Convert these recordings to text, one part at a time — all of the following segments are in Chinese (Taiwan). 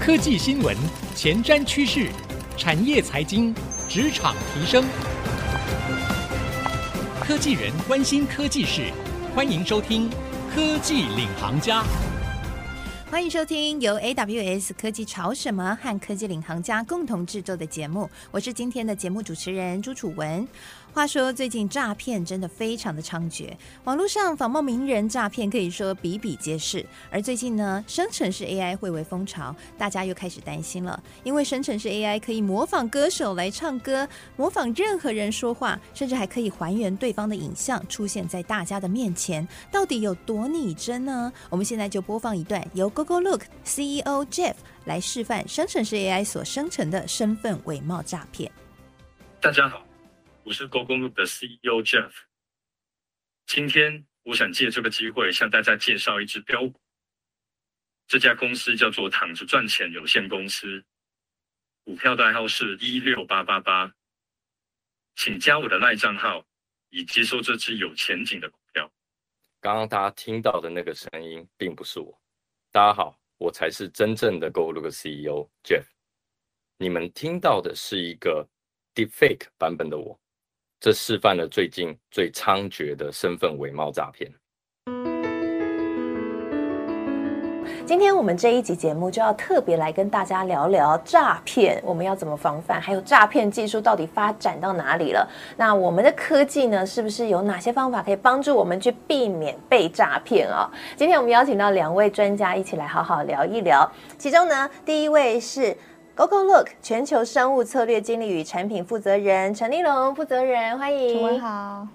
科技新聞、前瞻趨勢、產業財經、職場提升，科技人關心科技事，歡迎收聽《科技領航家》。歡迎收聽由 AWS 科技潮什麼和科技領航家共同製作的節目，我是今天的節目主持人朱楚文。話說，最近詐騙真的非常的猖獗，網絡上仿冒名人詐騙可以說比比皆是。而最近呢，生成式 AI 蔚為風潮，大家又開始擔心了，因為生成式 AI 可以模仿歌手來唱歌，模仿任何人說話，甚至還可以還原對方的影像出現在大家的面前，到底有多擬真呢？我們現在就播放一段由 Gogolook CEO Jeff 來示範生成式 AI 所生成的身份偽冒詐騙。大家好。我是 Gogolook 的 CEO Jeff，今天我想借這個機會向大家介紹一隻標的。這家公司叫做“躺着賺錢有限公司”，股票代號是一六八八八。請加我的賴賬號，以接收這支有前景的股票。剛剛大家聽到的那個聲音並不是我。大家好，我才是真正的 Gogolook 的 CEO Jeff。你們聽到的是一個 Deepfake 版本的我。這示範了最近最猖獗的身份偽冒詐騙。今天我們這一集節目就要特別來跟大家聊聊詐騙，我們要怎麼防範，還有詐騙技術到底發展到哪裡了？那我們的科技呢，是不是有哪些方法可以幫助我們去避免被詐騙啊、哦？今天我們邀請到兩位專家一起來好好聊一聊。其中呢，第一位是。Gogolook 全球商務策略經理與產品負責人陳俐融，負責人，歡迎。你好。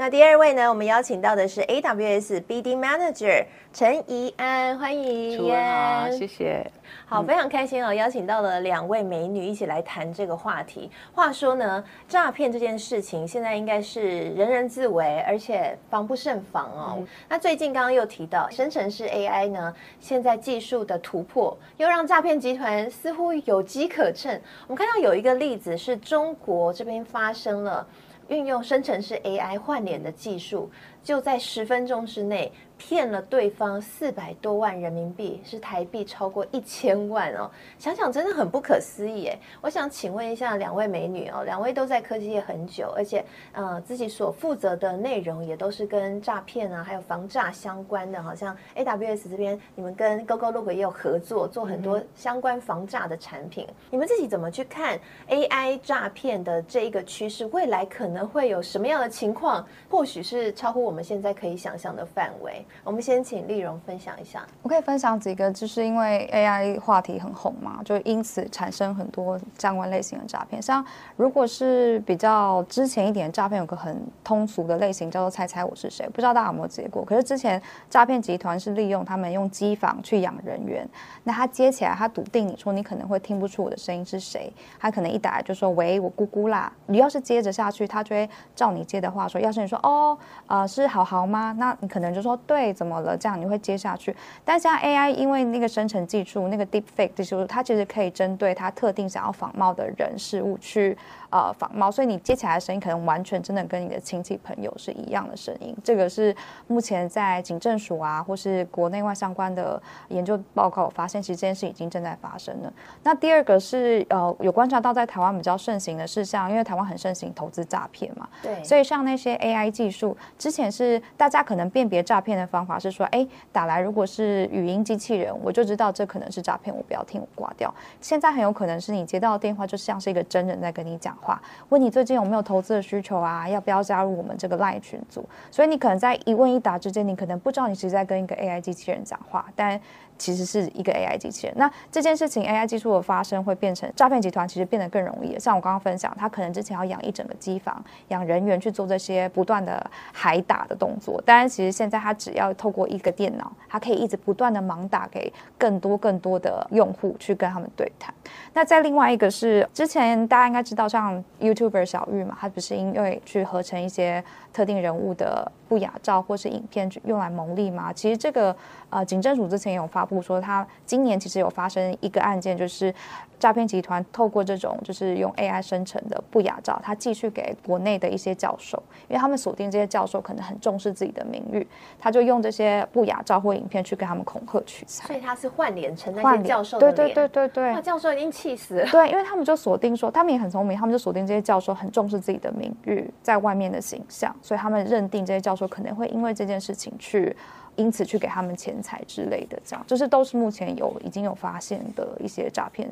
那第二位呢？我們邀請到的是 AWS BD Manager 陳怡安，歡迎，怡安，耶謝謝，好，非常開心哦，邀請到了兩位美女一起來談這個話題。嗯、話說呢，詐騙這件事情現在應該是人人自危，而且防不勝防哦。嗯、那最近剛剛又提到生成式 AI 呢，現在技術的突破又讓詐騙集團似乎有機可乘。我們看到有一個例子是中國這邊發生了，運用生成式 AI 換臉的技術，就在十分鐘之內，騙了對方四百多萬人民幣，是台幣超過一千萬哦。想想真的很不可思議誒。我想請問一下兩位美女哦，兩位都在科技業很久，而且呃自己所負責的內容也都是跟詐騙啊，還有防詐相關的。好像 AWS 這邊，你們跟 Gogolook 也有合作，做很多相關防詐的產品。嗯、你們自己怎麼去看 AI 詐騙的這一個趨勢？未來可能會有什麼樣的情況？或許是超乎我們現在可以想象的範圍。我們先請俐融分享一下。我可以分享幾個，就是因為 AI 話題很紅嘛，就因此產生很多相關類型的詐騙。像如果是比較之前一點的詐騙，有個很通俗的類型叫做“猜猜我是誰”，不知道大家有沒有結果。可是之前詐騙集團是利用他們用機房去養人員，那他接起來，他篤定你說你可能會聽不出我的聲音是誰，他可能一打來就說“喂，我姑姑啦”。你要是接着下去，他就會照你接的話說。要是你說“哦，啊、呃，是好好嗎？”那你可能就說“對”。對，怎麼了？這樣你會接下去？但像 AI 因為那個生成技術，那個 Deepfake 技術，它其實可以針對它特定想要仿冒的人事物去呃仿冒，所以你接起來的聲音可能完全真的跟你的親戚朋友是一樣的聲音。這個是目前在警政署啊或是國內外相關的研究報告，我發現其實這件事已經正在發生了。那第二個是呃有觀察到在台灣比較盛行的是像，像因為台灣很盛行投資詐騙嘛，對，所以像那些 AI 技術之前是大家可能辨別詐騙的方法是說，哎、欸，打來如果是語音機器人，我就知道這可能是詐騙，我不要聽，我掛掉。現在很有可能是你接到的電話就像是一個真人，在跟你講話，問你最近有沒有投資的需求啊，要不要加入我們這個 LINE 群組。所以你可能在一問一答之間，你可能不知道你是在跟一個 AI 機器人講話，但。其實是一個 AI 機器人。那這件事情，AI 技術的發生會變成詐騙集團其實變得更容易了。像我剛剛分享，他可能之前要養一整個機房，養人員去做這些不斷的海打的動作。當然，其實現在他只要透過一個電腦，他可以一直不斷的盲打給更多更多的用戶去跟他們對談。那在另外一個是之前大家應該知道，像 YouTuber 小玉嘛，他不是因為去合成一些特定人物的不雅照或是影片去用來牟利嗎？其實這個呃，警政署之前也有發。或者說，他今年其實有發生一個案件，就是，詐騙集團透過這種就是用 AI 生成的不雅照，他繼續給國內的一些教授，因為他們鎖定這些教授可能很重視自己的名譽，他就用這些不雅照或影片去給他們恐嚇取財。所以他是換臉成那些教授的臉，對對對對對。那教授已經氣死了。對，因為他們就鎖定說，他們也很聰明，他們就鎖定這些教授很重視自己的名譽，在外面的形象，所以他們認定這些教授可能會因為這件事情去因此去給他們錢財之類的這樣，就是都是目前有已經有發現的一些詐騙。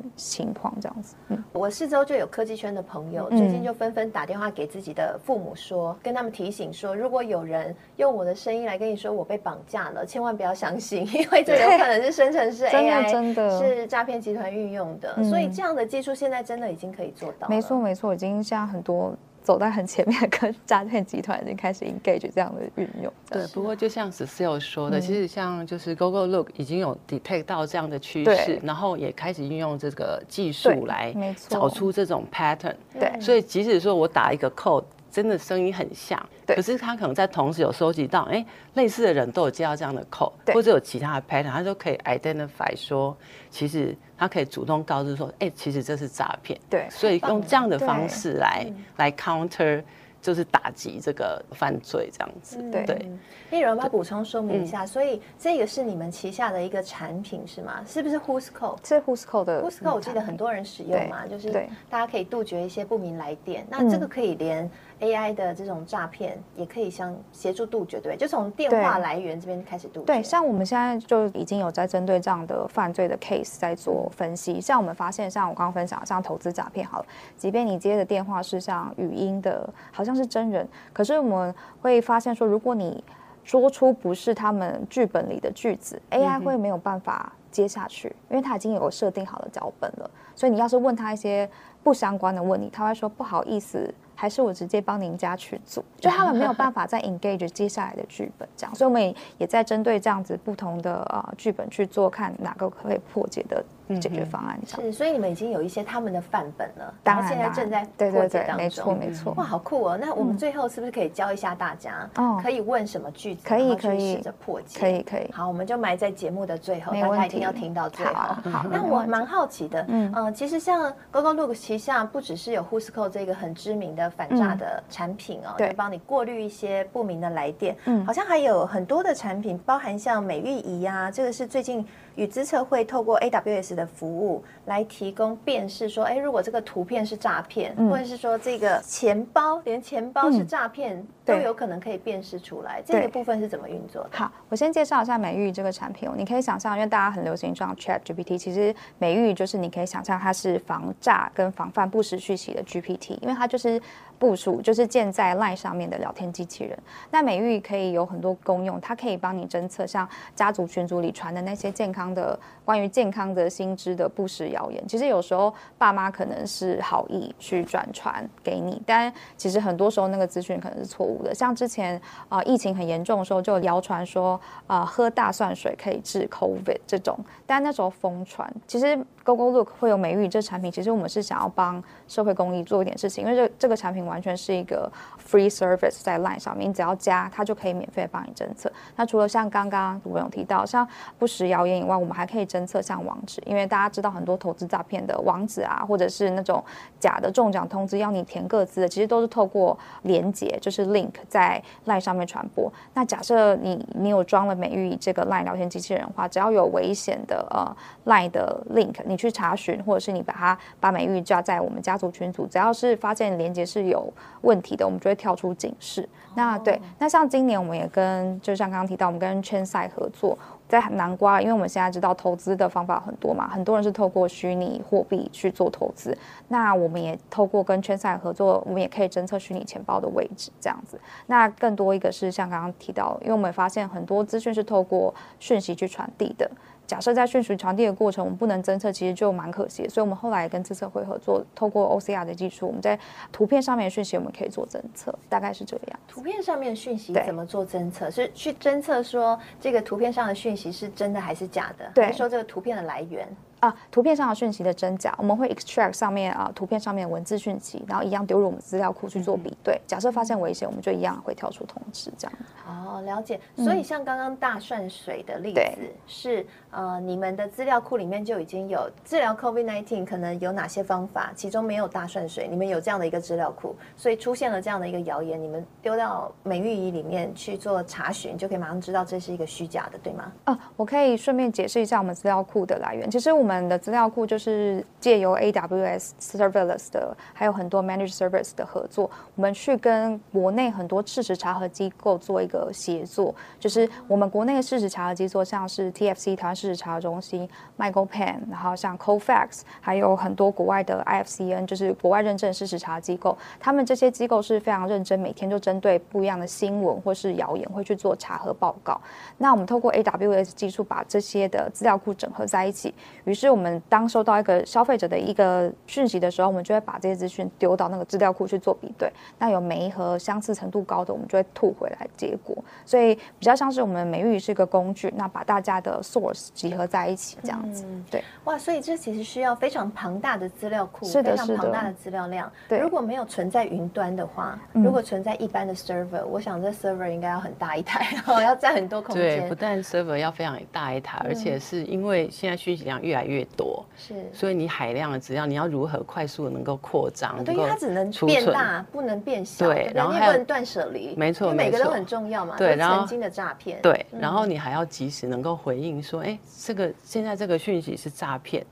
情況這樣子，嗯，我四周就有科技圈的朋友，嗯、最近就紛紛打電話給自己的父母說，說、嗯、跟他們提醒說，如果有人用我的聲音來跟你說我被綁架了，千萬不要相信，因為這有可能是生成式 AI，真的真的是詐騙集團運用的。嗯、所以這樣的技術現在真的已經可以做到，沒錯沒錯，已經像很多。走在很前面，跟詐騙集團已經開始 engage 這樣的運用。對，不過就像 Suseo 說的，嗯、其實像就是 Gogolook 已經有 detect 到這樣的趨勢，對然後也開始運用這個技術來找出這種 pattern。對，所以即使說我打一個 code 對。真的聲音很像，可是他可能在同時有收集到，哎，類似的人都有接到這樣的 c 或者有其他的 pattern，他就可以 identify，說其實他可以主動告知說，哎，其實這是詐騙，對。所以用這樣的方式來來 counter，就是打擊這個犯罪這樣子，對。那有人要補充說明一下，所以這個是你們旗下的一個產品是嗎？是不是 Who's c o d e 是 Who's c o d e 的。Who's c o d e 我記得很多人使用嘛，就是大家可以杜絕一些不明來電。那這個可以連。AI 的這種詐騙也可以像協助杜絕，對，對，就從電話來源這邊開始杜絕對。對，像我們現在就已經有在針對這樣的犯罪的 case 在做分析。嗯、像我們發現，像我剛剛分享，像投資詐騙，好了，即便你接的電話是像語音的，嗯、好像是真人，可是我們會發現說，如果你說出不是他們劇本裡的句子、嗯、哼，AI 會沒有辦法接下去，因為它已經有設定好了腳本了。所以你要是問他一些不相關的問題，他會說不好意思。還是我直接幫您家去做。就他們沒有辦法再 engage 接下來的劇本這樣，所以我們也也在針對這樣子不同的呃劇本去做，看哪個可以破解的解決方案這樣、嗯。是，所以你們已經有一些他們的範本了，當然、啊、然後現在正在破解當中。對對對對，沒錯沒錯。嗯、哇，好酷哦！那我們最後是不是可以教一下大家，可以問什麼句子，可以去試着破解？可以可以。可以可以好，我們就埋在節目的最後，大家一定要聽到最後好、啊，那、啊、我蠻好奇的，嗯，嗯其實像 Gogolook 旗下不只是有 Whoscall 這個很知名的。反詐的產品哦、嗯，可以幫、喔、你過濾一些不明的來電，嗯對，好像還有很多的產品，包含像美玉姨啊，這個是最近。與資策會透過 A W S 的服務來提供辨識說，誒，如果這個圖片是詐騙，嗯、或者是說這個錢包連錢包是詐騙，嗯、都有可能可以辨識出來。嗯、這個部分是怎麼運作的？好，我先介紹一下美玉這個產品。你可以想象，因為大家很流行用 Chat G P T，其實美玉就是你可以想象它，是防詐跟防範不實訊息的 G P T，因為它就是。部署就是建在 LINE 上面的聊天機器人。那美玉可以有很多功用，它可以幫你偵測像家族群組裡傳的那些健康的、關於健康的、新知的不實謠言。其實有時候爸媽可能是好意去轉傳給你，但其實很多時候那個資訊可能是錯誤的。像之前啊疫情很嚴重的時候，就謠傳說啊喝大蒜水可以治 COVID 這種，但那時候瘋傳。其實 Gogolook 會有美玉這產品，其實我們是想要幫社會公益做一點事情，因為這這個產品完全是一個 Free service 在 Line 上面，你只要加它就可以免費幫你偵測。那除了像剛剛我有提到像不實謠言以外，我們還可以偵測像網址，因為大家知道很多投資詐騙的網址啊，或者是那種假的中獎通知要你填個資的，其實都是透過連結，就是 Link 在 Line 上面傳播。那假設你你有裝了美玉這個 Line 聊天機器人的話，只要有危險的呃 Line 的 Link，你去查詢或者是你把它把美玉加在我們家族群組，只要是發現連結是有問題的，我們就會，跳出警示，那對，那像今年我們也跟，就像剛剛提到，我們跟圈賽合作，在南瓜，因為我們現在知道投資的方法很多嘛，很多人是透過虛擬貨幣去做投資，那我們也透過跟圈賽合作，我們也可以偵測虛擬錢包的位置，這樣子。那更多一個是像剛剛提到，因為我們也發現很多資訊是透過訊息去傳遞的。假設在訊息傳遞的過程，我們不能偵測，其實就蠻可惜。所以，我們後來跟資策會合作，透過 OCR 的技術，我們在圖片上面的訊息，我們可以做偵測，大概是這樣子。圖片上面的訊息怎麼做偵測？對是去偵測說這個圖片上的訊息是真的還是假的？對，還是說這個圖片的來源？啊，圖片上的訊息的真假，我們會 extract 上面啊圖片上面文字訊息，然後一樣丟入我們資料庫去做比、嗯、對。假設發現危險，我們就一樣會跳出通知這樣。好、哦，了解。所以像剛剛大蒜水的例子，嗯、是呃，你們的資料庫裡面就已經有治療 COVID-19 可能有哪些方法，其中沒有大蒜水，你們有這樣的一個資料庫，所以出現了這樣的一個謠言，你們丟到美玉姨裡面去做查詢，就可以馬上知道這是一個虛假的，對嗎？啊，我可以順便解釋一下我們資料庫的來源，其實我。我們的資料庫就是借由 AWS Serverless 的，還有很多 Managed Service 的合作，我們去跟國內很多事實查核機構做一個協作，就是我們國內的事實查核機構，像是 TFC 台灣事實查核中心、Michael Penn，然後像 Cofacts，還有很多國外的 IFCN，就是國外認證事實查核機構，他們這些機構是非常認真，每天都針對不一樣的新聞或是謠言會去做查核報告。那我們透過 AWS 技術把這些的資料庫整合在一起，於。是我們當收到一個消費者的一個訊息的時候，我們就會把這些資訊丟到那個資料庫去做比對。那有媒合相似程度高的，我們就會吐回來結果。所以比較像是我們媒合是一個工具，那把大家的 source 集合在一起這樣子。嗯、對，哇，所以這其實需要非常龐大的資料庫，是的是的，非常龐大的資料量。對，如果沒有存在雲端的話，嗯、如果存在一般的 server，我想這 server 應該要很大一台，然後要占很多空間。對，不但 server 要非常大一台，而且是因為現在訊息量越來。越多是，所以你海量，只要你要如何快速能夠擴張，對，因為它只能變大，不能變小，對，然後還不能斷捨離，沒錯，每個都很重要嘛。對，然後曾經的詐騙，對，然後你還要及時能夠回應說，哎，這個現在這個訊息是詐騙，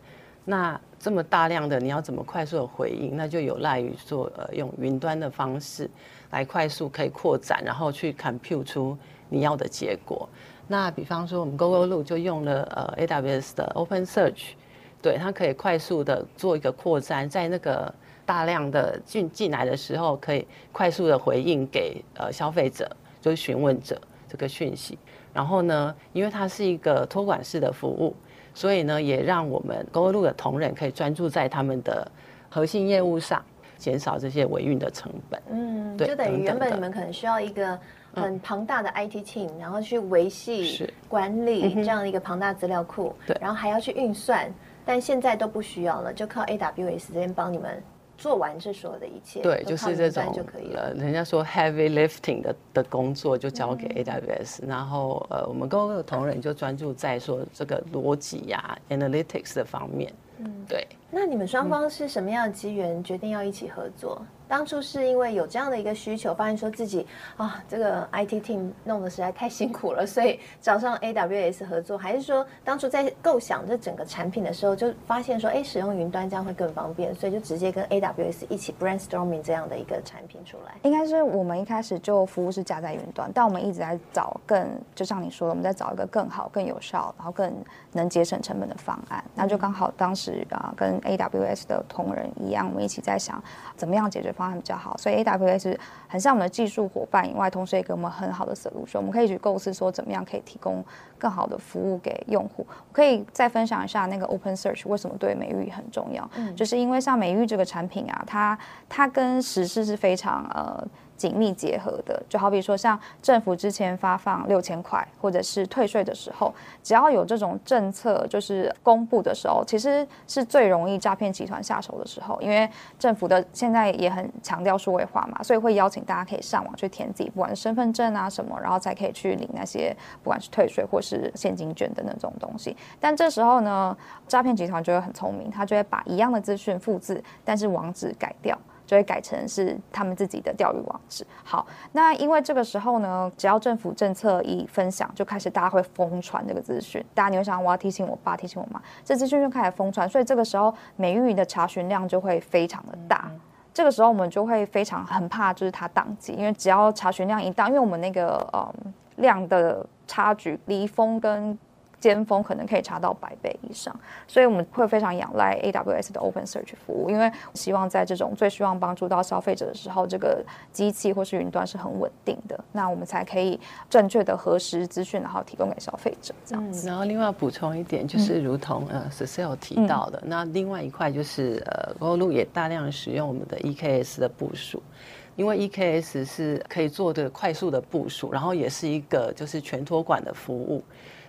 那這麼大量的，你要怎麼快速的回應？那就有賴於說呃，用雲端的方式來快速可以擴展，然後去 compute 出你要的結果。那比方說，我們 Google Go 路就用了呃 AWS 的 Open Search，對，它可以快速的做一個擴展，在那個大量的進進來的時候，可以快速的回應給呃消費者，就是詢問者這個訊息。然後呢，因為它是一個托管式的服務，所以呢，也讓我們 Google Go 路的同仁可以專注在他們的核心業務上，減少這些違運的成本。嗯，對就等於原本你們可能需要一個。很龐大的 IT team，然後去維繫、管理這樣一個龐大資料庫，對，然後還要去運算，但現在都不需要了，就靠 AWS 這邊幫你們做完這所有的一切。對，就是這種，人家說 heavy lifting 的的工作就交給 AWS，然後呃，我們各個同仁就專注在說這個邏輯呀、analytics 的方面。嗯，對。那你們雙方是什麼樣的機緣決定要一起合作？當初是因為有這樣的一個需求，發現說自己啊這個 IT team 弄的實在太辛苦了，所以找上 AWS 合作？還是說當初在構想這整個產品的時候，就發現說，哎，使用雲端這樣會更方便，所以就直接跟 AWS 一起 brainstorming 這樣的一個產品出來？應該是我們一開始就服務是架在雲端，但我們一直在找更，就像你說的，我們在找一個更好、更有效，然後更能節省成本的方案。那就剛好當時啊，跟 AWS 的同仁一樣，我們一起在想怎麼樣解決。方案比較好，所以 AWS 很像我們的技術夥伴，以外，同時也給我們很好的思路，所以我們可以去構思說怎麼樣可以提供。更好的服務給用戶，我可以再分享一下那個 Open Search 為什麼對美玉很重要？嗯，就是因為像美玉這個產品啊，它它跟時事是非常呃緊密結合的。就好比說，像政府之前發放六千塊或者是退稅的時候，只要有這種政策就是公布的時候，其實是最容易詐騙集團下手的時候。因為政府的現在也很強調數位化嘛，所以會邀請大家可以上網去填自己不管是身份證啊什麼，然後才可以去領那些不管是退稅或是。是現金券的那種東西，但這時候呢，詐騙集團就會很聰明，他就會把一樣的資訊複製，但是網址改掉，就會改成是他們自己的釣魚網址。好，那因為這個時候呢，只要政府政策一分享，就開始大家會瘋傳這個資訊，大家你會想我要提醒我爸，提醒我媽，這資訊就開始瘋傳，所以這個時候美玉雲的查詢量就會非常的大。嗯、這個時候我們就會非常很怕，就是它宕機，因為只要查詢量一到，因為我們那個呃、嗯、量的。差距，離峰跟尖峰可能可以差到百倍以上，所以我們會非常仰賴 A W S 的 Open Search 服務，因為希望在這種最需要幫助到消費者的時候，這個機器或是雲端是很穩定的，那我們才可以正確的核實資訊，然後提供給消費者這樣子、嗯。然後另外補充一點，就是如同、嗯、呃 Suseo 提到的，嗯、那另外一塊就是呃 Gogolook 也大量使用我們的 E K S 的部署。因為 EKS 是可以做的快速的部署，然後也是一個就是全託管的服務，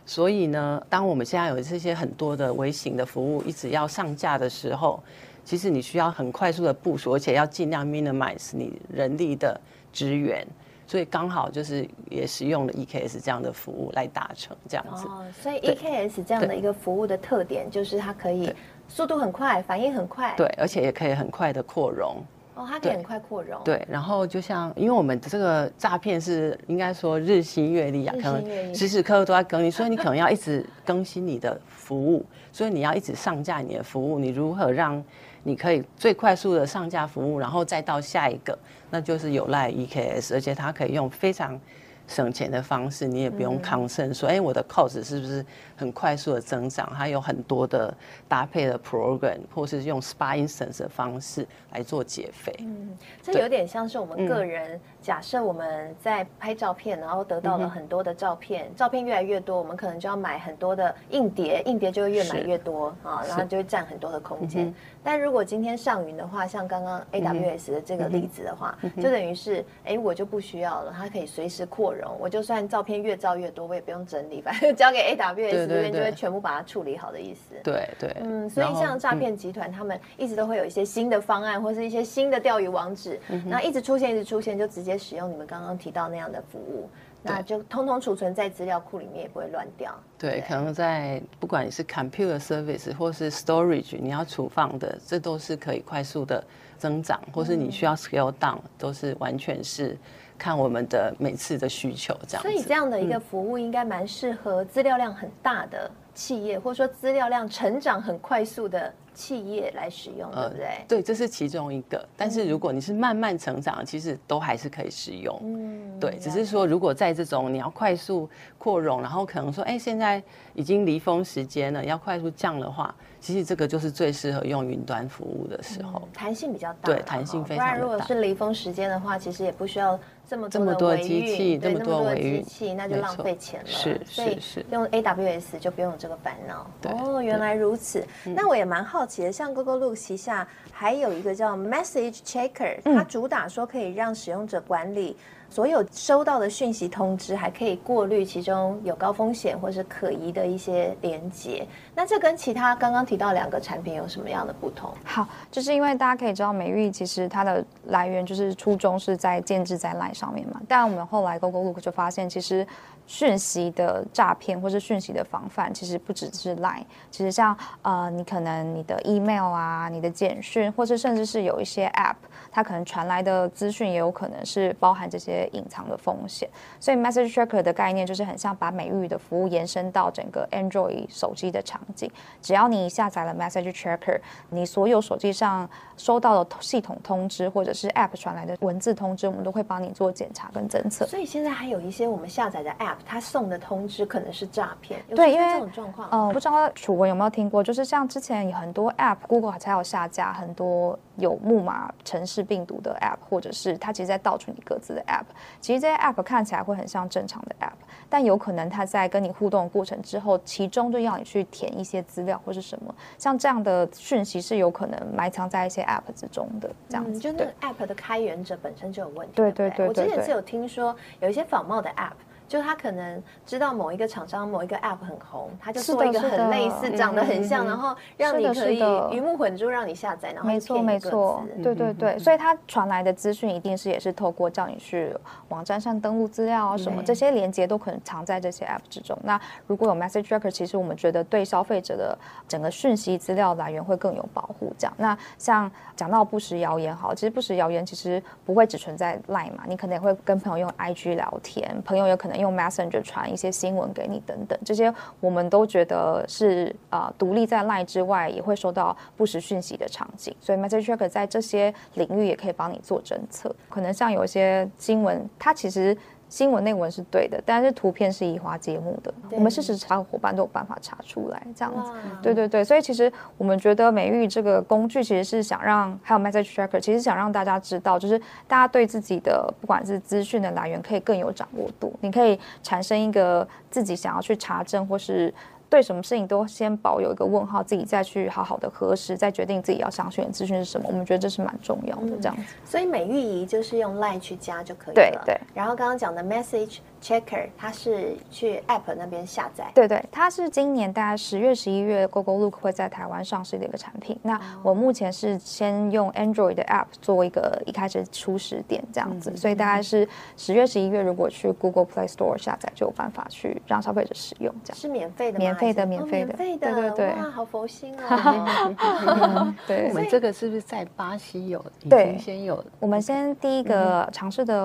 所以呢，當我們現在有這些很多的微型的服務一直要上架的時候，其實你需要很快速的部署，而且要盡量 minimize 你人力的資源，所以剛好就是也是用了 EKS 這樣的服務來達成這樣子。哦，oh, 所以 EKS 對這樣的一個服務的特點就是它可以速度很快，反應很快，對，而且也可以很快的擴容。哦，它可以很快擴容對。對，然後就像，因為我們這個詐騙是應該說日新月異啊，可能時時刻刻都在更新， 所以你可能要一直更新你的服務，所以你要一直上架你的服務。你如何讓你可以最快速的上架服務，然後再到下一個，那就是有賴 EKS，而且它可以用非常省錢的方式，你也不用抗生說，嗯、哎，我的 cost 是不是很快速的增長？它有很多的搭配的 program，或是用 spot instance 的方式來做減肥。嗯，這有點像是我們個人，對嗯、假設我們在拍照片，然後得到了很多的照片，嗯、哼照片越來越多，我們可能就要買很多的硬碟，硬碟就會越買越多是啊，然後就會佔很多的空間。但如果今天上雲的話，像剛剛 A W S 的這個例子的話，嗯嗯、就等於是，哎，我就不需要了，它可以隨時擴容，我就算照片越照越多，我也不用整理，反正交給 A W S 這邊就會全部把它處理好的意思。對，對對，嗯，所以像詐騙集團，嗯、他們一直都會有一些新的方案，嗯、哼或是一些新的釣魚網址，那一直出現，一直出現，就直接使用你們剛剛提到那樣的服務。那就通通儲存在資料庫裡面，也不會亂掉。對，對，可能在不管你是 computer service 或是 storage，你要儲放的，這都是可以快速的增長，或是你需要 scale down，嗯，都是完全是看我們的每次的需求這樣。所以這樣的一個服務應該蠻適合資料量很大的企業，嗯，或者說資料量成長很快速的企業來使用，對不對？呃，對，這是其中一個。但是如果你是慢慢成長，其實都還是可以使用。嗯，對，只是說如果在這種你要快速擴容，然後可能說，哎，現在已經離峰時間了，要快速降的話，其實這個就是最適合用雲端服務的時候。嗯，彈性比較大。對，彈性非常大。哦，不然如果是離峰時間的話，其實也不需要這麼多，的這麼多的機器，這麼多，的這麼多的機器那就浪費錢了。是，是，是。用 AWS 就不用有這個煩惱。對哦，原來如此。對嗯，那我也蠻好。其實，像 Gogolook 旗下還有一個叫 Message Checker，它主打說可以讓使用者管理，嗯所有收到的訊息通知，還可以過濾其中有高風險或是可疑的一些連結。那這跟其他剛剛提到兩個產品有什麼樣的不同？好，就是因為大家可以知道，美玉其實它的來源就是初衷是在建置在 LINE 上面嘛。但我們後來 Gogolook 就發現，其實訊息的詐騙或是訊息的防範，其實不只是 LINE，其實像呃，你可能你的 Email 啊、你的簡訊，或者甚至是有一些 App。它可能傳來的資訊也有可能是包含這些隱藏的風險，所以 Message Tracker 的概念就是很像把美玉的服務延伸到整個 Android 手機的場景。只要你下載了 Message Tracker，你所有手機上收到的系統通知或者是 App 傳來的文字通知，我們都會幫你做檢查跟偵測。所以現在還有一些我們下載的 App，它送的通知可能是詐騙。對，因為這種狀況，不知道他楚文有沒有聽過？就是像之前有很多 App，Google 還有下架很多。有木馬、城市病毒的 App，或者是它其實，在盜取你各自的 App。其實這些 App 看起來會很像正常的 App，但有可能它在跟你互動的過程之後，其中就要你去填一些資料或是什麼。像這樣的訊息是有可能埋藏在一些 App 之中的，這樣子。嗯、就是、那個 App 的開源者本身就有問題。對對對，對對對對。我之前是有聽說有一些仿冒的 App。就他可能知道某一個廠商、某一個 App 很紅，他就做一個很類似、是的是的長得很像，嗯、哼然後讓你可以魚目混珠，讓你下載。嗯、哼然後沒錯，沒錯，對，對，對。所以他傳來的資訊一定是也是透過叫你去網站上登錄資料啊什麼，對這些連接都可能藏在這些 App 之中。那如果有 Message Tracker，其實我們覺得對消費者的整個訊息資料來源會更有保護。這樣，那像講到不實謠言好，其實不實謠言其實不會只存在 LINE 嘛，你可能也會跟朋友用 IG 聊天，朋友有可能。用 Messenger 傳一些新聞給你等等，這些我們都覺得是啊，呃、獨立在 LINE 之外也會收到不實訊息的場景，所以 Message Checker 在這些領域也可以幫你做偵測。可能像有一些新聞，它其實。新聞內文是對的，但是圖片是移花接木的。對我們事實查夥伴都有辦法查出來，這樣子。哇對對對，所以其實我們覺得美玉這個工具其實是想讓，還有 message tracker，其實想讓大家知道，就是大家對自己的不管是資訊的來源可以更有掌握度，你可以產生一個自己想要去查證或是。對什麼事情都先保有一個問號，自己再去好好的核實，再決定自己要相信的資訊是什麼。我們覺得這是蠻重要的，這樣子。嗯、所以美玉姨就是用 line 去加就可以了。對對。對，然後剛剛講的 message。Checker，它是去 App 那邊下載。對對，它是今年大概十月、十一月，Gogolook 會在台灣上市的一個產品。那我目前是先用 Android 的 App 做一個一開始初始點這樣子，嗯、所以大概是十月、十一月，如果去 Google Play Store 下載，就有辦法去讓消費者使用這樣。是免費的嗎？免費的，免費的，哦、免費的，對對對。哇，好佛心哦。 對。對所以，我們這個是不是在巴西有？對，先有。我們先第一個嘗試的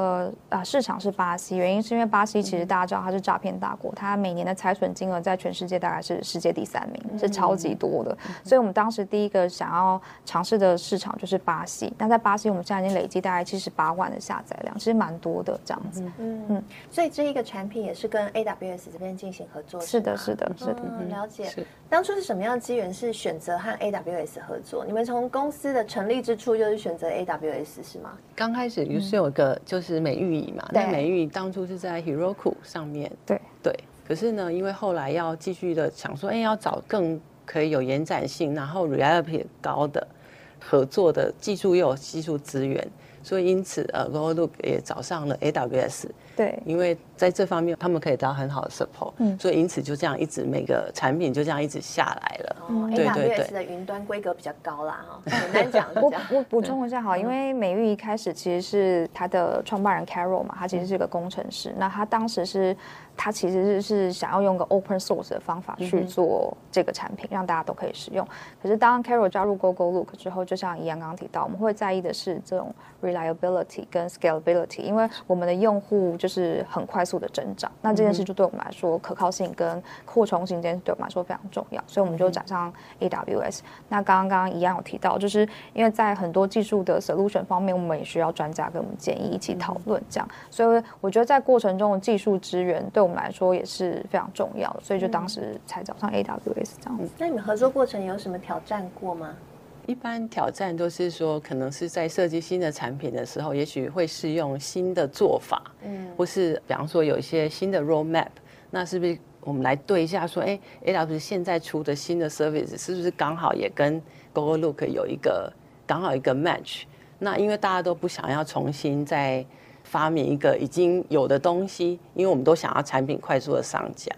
啊、嗯呃、市場是巴西，原因是因為巴。巴西其實大家知道它是詐騙大國，它、嗯、每年的財損金額在全世界大概是世界第三名，嗯、是超級多的。嗯、所以我們當時第一個想要嘗試的市場就是巴西。那在巴西，我們現在已經累計大概七十八萬的下載量，其實蠻多的。這樣子，嗯嗯。嗯，所以這一個產品也是跟 AWS 這邊進行合作是？是的，是的，是的，嗯、了解。是當初是什麼樣的機緣是選擇和 AWS 合作？你們從公司的成立之初就是選擇 AWS 是嗎？剛開始於是有，、嗯、有一個就是美玉嘛，對，美玉當初是在。Roku 上面對對，對，可是呢，因為後來要繼續的想說，哎，要找更可以有延展性，然後 reliability 高的，合作的技術，又有技術資源，所以因此呃，Gogolook 也找上了 AWS。對，因為在這方面他們可以得到很好的 support，所以因此就這樣一直每個產品就這樣一直下來了。對對對，AWS 的雲端規格比較高啦，哈，簡單講，我我補充一下哈，因為美玉一開始其實是他的創辦人 Carol 嘛，他其實是個工程師，那他當時是他其實是想要用個 open source 的方法去做這個產品，讓大家都可以使用。可是當 Carol 加入 Gogolook 之後，就像 Yian 剛剛提到，我們會在意的是這種 reliability 跟 scalability，因為我們的用戶就是。是很快速的增長，那這件事就對我們來說可靠性跟擴充性這件事對我們來說非常重要，所以我們就找上 AWS。嗯，那剛剛剛剛一樣有提到，就是因為在很多技術的 solution 方面，我們也需要專家跟我們建議，一起討論這樣。嗯，所以我覺得在過程中的技術支援對我們來說也是非常重要，所以就當時才找上 AWS 這樣子。嗯，那你們合作過程有什麼挑戰過嗎？一般挑戰都是說，可能是在設計新的產品的時候，也許會適用新的做法，嗯，或是比方說有一些新的 roadmap，那是不是我們來對一下，說，哎，欸，AWS 現在出的新的 service 是不是剛好也跟 Gogolook 有一個剛好一個 match？那因為大家都不想要重新再發明一個已經有的東西，因為我們都想要產品快速的上架，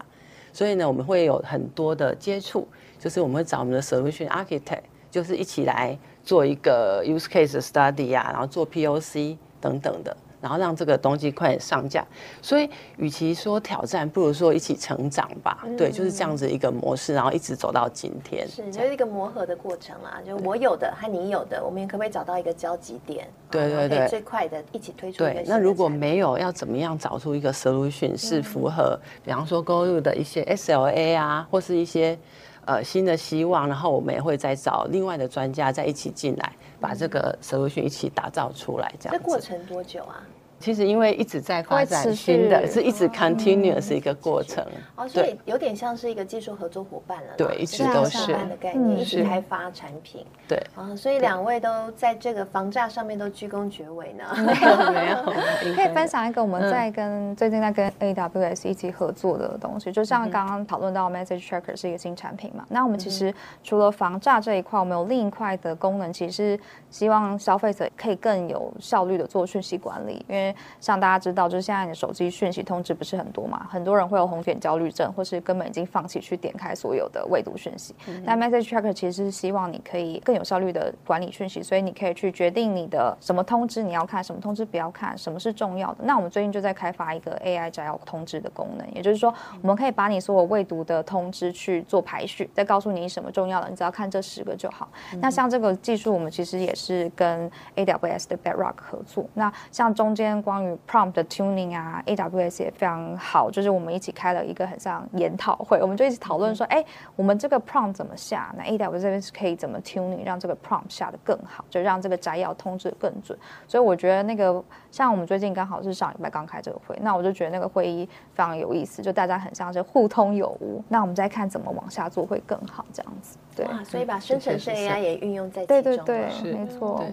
所以呢，我們會有很多的接觸，就是我們會找我們的 solution architect。就是一起來做一個 use case study 啊，然後做 POC 等等的，然後讓這個東西快點上架。所以，與其說挑戰，不如說一起成長吧。嗯嗯對，就是這樣子一個模式，然後一直走到今天。是，這樣就是一個磨合的過程啊。就我有的和你有的，對我們可不可以找到一個交集點？對對對，啊、可以最快的一起推出。對，那如果沒有，要怎麼樣找出一個 solution、嗯、是符合，比方說 Gogolook 的一些 SLA 啊，或是一些。呃，新的希望，然後我們也會再找另外的專家在一起進來，把這個 solution 一起打造出來。這樣子這過程多久啊？其實因為一直在發展新的，是，是，是一直 continue 是一個過程。哦嗯是是哦，所以有點像是一個技術合作夥伴了，對，一直都是這樣的概念，嗯、一起開發產品，對，啊、哦，所以兩位都在這個防詐上面都居功厥偉呢， 沒有， 可以分享一個我們在跟、嗯、最近在跟 AWS 一起合作的東西，就像剛剛討論到 Message Tracker 是一個新產品嘛，那我們其實除了防詐這一塊，我們有另一塊的功能，其實希望消費者可以更有效率的做訊息管理，因為像大家知道，就是現在你的手機訊息通知不是很多嘛，很多人會有紅點焦慮症，或是根本已經放棄去點開所有的未讀訊息。但、嗯、哼 Message Tracker 其實是希望你可以更有效率的管理訊息，所以你可以去決定你的什麼通知你要看，什麼通知不要看，什麼是重要的。那我們最近就在開發一個 AI 摘要通知的功能，也就是說，我們可以把你所有未讀的通知去做排序，再告訴你什麼重要的，你只要看這十個就好。嗯、哼那像這個技術，我們其實也是跟 AWS 的 Bedrock 合作。那像中間。關於 prompt 的 tuning 啊，AWS 也非常好。就是我們一起開了一個很像研討會，嗯、我們就一起討論說，嗯、哎，我們這個 prompt 怎麼下？那 AWS 這邊是可以怎麼 tuning 讓這個 prompt 下得更好，就讓這個摘要通知更準。所以我覺得那個像我們最近剛好是上禮拜剛開這個會，那我就覺得那個會議非常有意思，就大家很像是互通有無。那我們再看怎麼往下做會更好，這樣子。對，所以把生成式 AI 也運用在其中了。對對對對是沒錯。對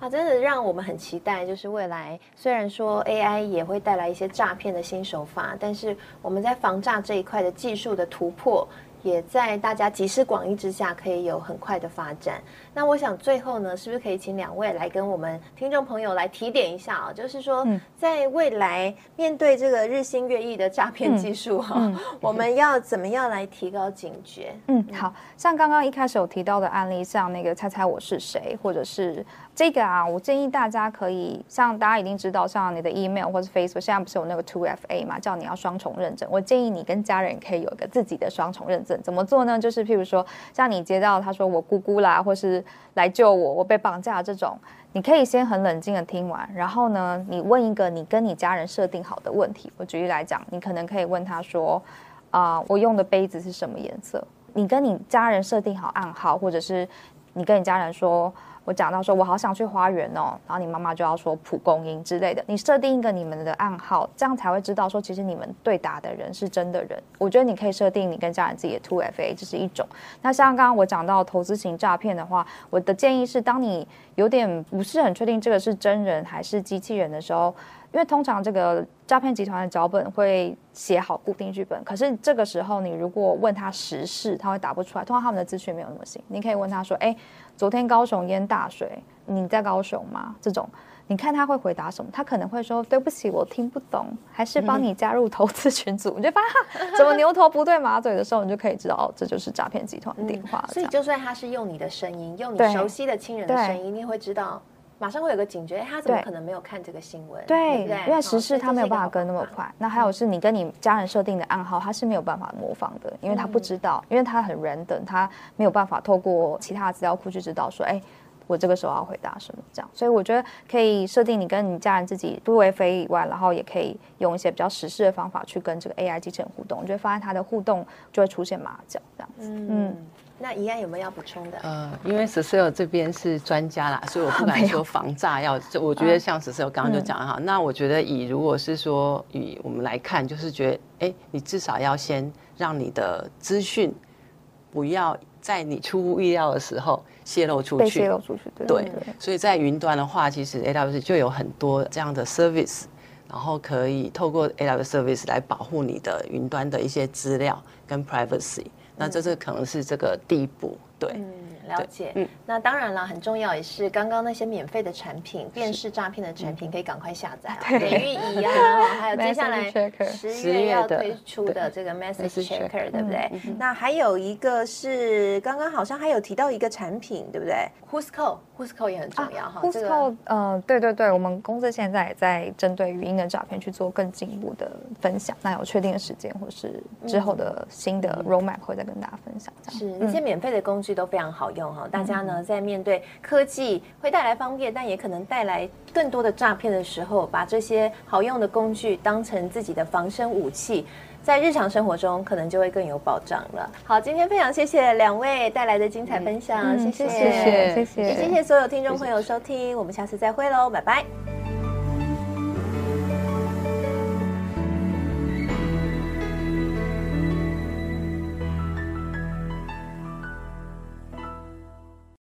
啊，真的讓我們很期待，就是未來雖然說 AI 也會帶來一些詐騙的新手法，但是我們在防詐這一塊的技術的突破，也在大家集思廣益之下，可以有很快的發展。那我想最後呢，是不是可以請兩位來跟我們聽眾朋友來提點一下啊、哦？就是說，在未來面對這個日新月異的詐騙技術哈、哦，嗯，我們要怎麼樣來提高警覺？嗯，嗯好像剛剛一開始有提到的案例，像那個猜猜我是誰，或者是。這個啊，我建議大家可以，像大家已經知道，像你的 email 或者 Facebook 現在不是有那個 two FA 嘛，叫你要雙重認證。我建議你跟家人可以有一個自己的雙重認證。怎麼做呢？就是譬如說，像你接到他說我姑姑啦，或是來救我，我被綁架這種，你可以先很冷靜地聽完，然後呢，你問一個你跟你家人設定好的問題。我舉例來講，你可能可以問他說，啊、呃，我用的杯子是什麼顏色？你跟你家人設定好暗號，或者是你跟你家人說。我講到說，我好想去花園哦，然後你媽媽就要說蒲公英之類的。你設定一個你們的暗號，這樣才會知道說，其實你們對答的人是真的人。我覺得你可以設定你跟家人自己的 2FA，這是一種。那像剛剛我講到投資型詐騙的話，我的建議是，當你有點不是很確定這個是真人還是機器人的時候。因為通常這個詐騙集團的腳本會寫好固定劇本，可是這個時候你如果問他時事，他會答不出來，通常他們的資訊沒有那麼新。你可以問他說：“哎，昨天高雄淹大水，你在高雄嗎？”這種，你看他會回答什麼？他可能會說：“對不起，我聽不懂。”還是幫你加入投資群組？嗯、你就發現怎麼牛頭不對馬嘴的時候，你就可以知道哦，這就是詐騙集團的電話，嗯。所以就算他是用你的聲音，用你熟悉的親人的聲音，對對你會知道。馬上會有個警覺、哎，他怎麼可能沒有看這個新聞？對，對對，因為時事他沒有辦法跟那麼快。哦、那還有是，你跟你家人設定的暗號，他是沒有辦法模仿的，嗯、因為他不知道，因為他很人等他沒有辦法透過其他的資料庫去知道說，嗯、哎，我這個時候要回答什麼這樣。所以我覺得可以設定你跟你家人自己不為非以外，然後也可以用一些比較時事的方法去跟這個 AI 機器人互動。我覺得發現他的互動就會出現馬腳這樣子。嗯。嗯那 Yian 有沒有要補充的？呃，因為 s o c i l 這邊是專家啦，所以我不敢說防詐藥。 我覺得像 s o c i l 剛剛就講的哈。嗯、那我覺得以如果是說以我們來看，就是覺得哎、欸，你至少要先讓你的資訊不要在你出乎意料的時候洩露出去，洩露出去。對，對對，所以在雲端的話，其實 AWS 就有很多這樣的 service，然後可以透過 AWS service 來保護你的雲端的一些資料跟 privacy。嗯、那這是可能是這個第一步，對。嗯，了解。對那當然了，很重要也是剛剛那些免費的產品，辨識是詐騙的產品可以趕快下載、啊。對，綠蟻啊，對還有接下來十月要推出的這個 Message Checker，對,對不對？嗯嗯嗯、那還有一個是剛剛好像還有提到一個產品，對不對？Who's Call？Whoscall 也很重要哈，Whoscall，呃、對對對，我們公司現在也在針對語音的詐騙去做更進一步的分享。那有確定的時間，或是之後的新的 roadmap，、嗯、會再跟大家分享這樣。是，那些免費的工具都非常好用哈。大家呢，嗯、在面對科技會帶來方便，但也可能帶來更多的詐騙的時候，把這些好用的工具當成自己的防身武器。在日常生活中，可能就會更有保障了。好，今天非常謝謝兩位帶來的精彩分享，謝謝，謝謝，謝謝，謝謝所有聽眾朋友收聽，謝謝，我們下次再會嘍，拜拜。